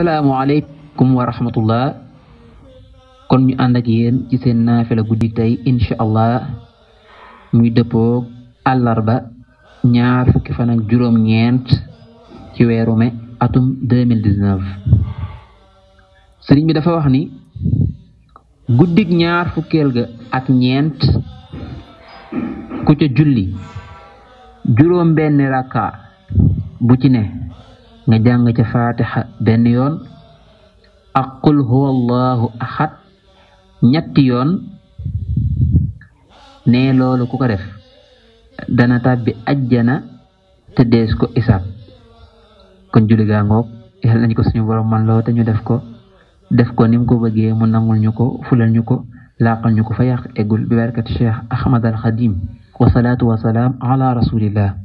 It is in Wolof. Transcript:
asalaamualeykum wa rahmatullah kon ñu ànd ak ci seen naafila guddi tey incha allah muy dëppoo àllarba ñaar fukki fan ak juróom-ñeent ci weeru me atum deux mille sëriñ bi dafa wax ni guddig ñaar fukkeel ga ak ñeent ku ca julli juróom benn rakka bu ci ne nga jàng ci fatiha benn yoon ak qul huwa allahu ahad ñetti yoon ne loolu ku ko def dana tàbbi ajjana te des ko isaab kon julli gaa ngoog yàlla nañ ko suñu borom man loo te ñu def ko def ko ni mu ko bëggee mu nangul ñu ko fulal ñu ko laaqal ñu ko fa yàq eggul bi barkat ahmad al xadim wa salaatu wa salaam ala rasulillah